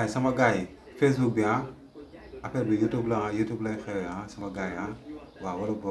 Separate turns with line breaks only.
ay sama gars yi Facebook bi ah affaire bi YouTube la ah la lay xewee ah sama gars a ah waaw wala boog